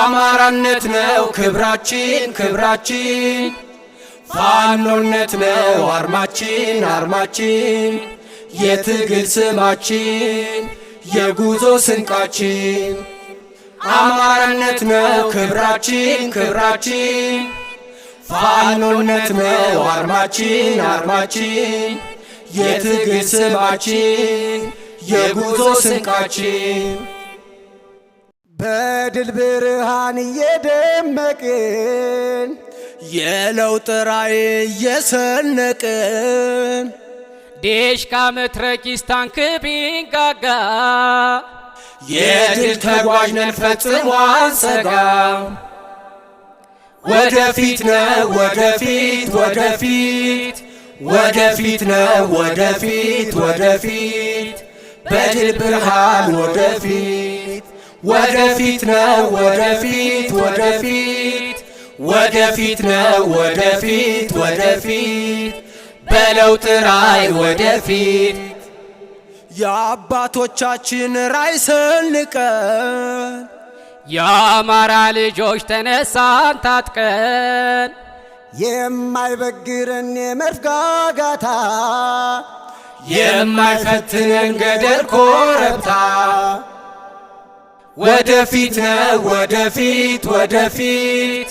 አማራነት ነው ክብራችን ክብራችን፣ ፋኖነት ነው አርማችን አርማችን፣ የትግል ስማችን የጉዞ ስንቃችን። አማራነት ነው ክብራችን ክብራችን፣ ፋኖነት ነው አርማችን አርማችን፣ የትግል ስማችን የጉዞ ስንቃችን በድል ብርሃን እየደመቅን የለውጥ ራዕይ እየሰነቅን ዴሽቃ መትረጊስ ታንክ ቢንጋጋ የድል ተጓዥ ነን ፈጽሞ አንሰጋ። ወደፊት ነው ወደፊት ወደፊት ወደፊት ነው ወደፊት ወደፊት በድል ብርሃን ወደፊት ወደፊት ነው ወደፊት ወደፊት ወደፊት ነው ወደፊት ወደፊት በለውጥ ራዕይ ወደፊት የአባቶቻችን ራይ ሰንቀን የአማራ ልጆች ተነሳን ታጥቀን የማይበግረን የመርጋጋታ የማይፈትነን ገደል ኮረብታ ወደፊት ነው ወደፊት ወደፊት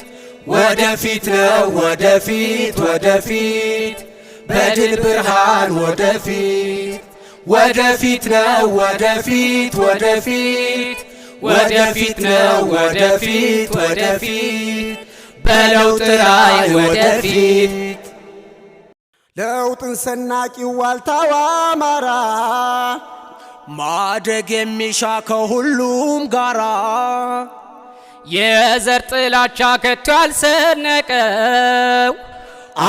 ወደፊት ነው ወደፊት ወደፊት በድል ብርሃን ወደፊት ወደፊት ነው ወደፊት ወደፊት ወደፊት ነው ወደፊት ወደፊት በለውጥ ራዕይ ወደፊት ለውጥን ሰናቂው ዋልታው አማራ ማደግ የሚሻ ከሁሉም ጋራ የዘር ጥላቻ ከቶ ያልሰነቀው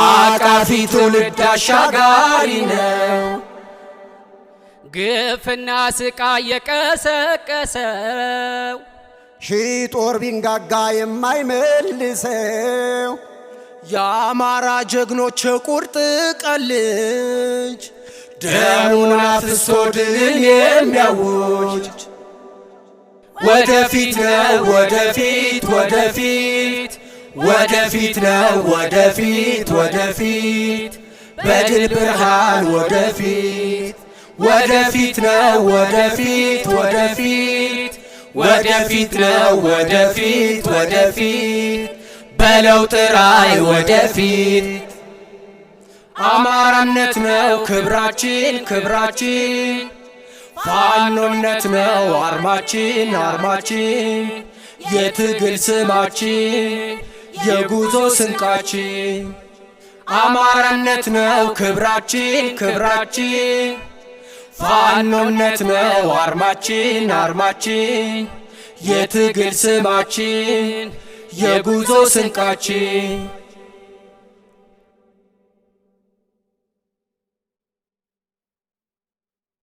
አቃፊ ትውልድ አሻጋሪ ነው። ግፍና ስቃ የቀሰቀሰው ሺህ ጦር ቢንጋጋ የማይመልሰው የአማራ ጀግኖች ቁርጥ ቀን ልጅ ደሙን አፍሶ ድልን የሚያውጅ ወደፊት ነው ወደፊት ወደፊት ወደፊት ነው ወደፊት ወደፊት በድል ብርሃን ወደፊት ወደፊት ነው ወደፊት ወደፊት ወደፊት ነው ወደፊት ወደፊት በለውጥ ራዕይ ወደፊት አማራነት ነው ክብራችን ክብራችን፣ ፋኖነት ነው አርማችን አርማችን፣ የትግል ስማችን የጉዞ ስንቃችን። አማራነት ነው ክብራችን ክብራችን፣ ፋኖነት ነው አርማችን አርማችን፣ የትግል ስማችን የጉዞ ስንቃችን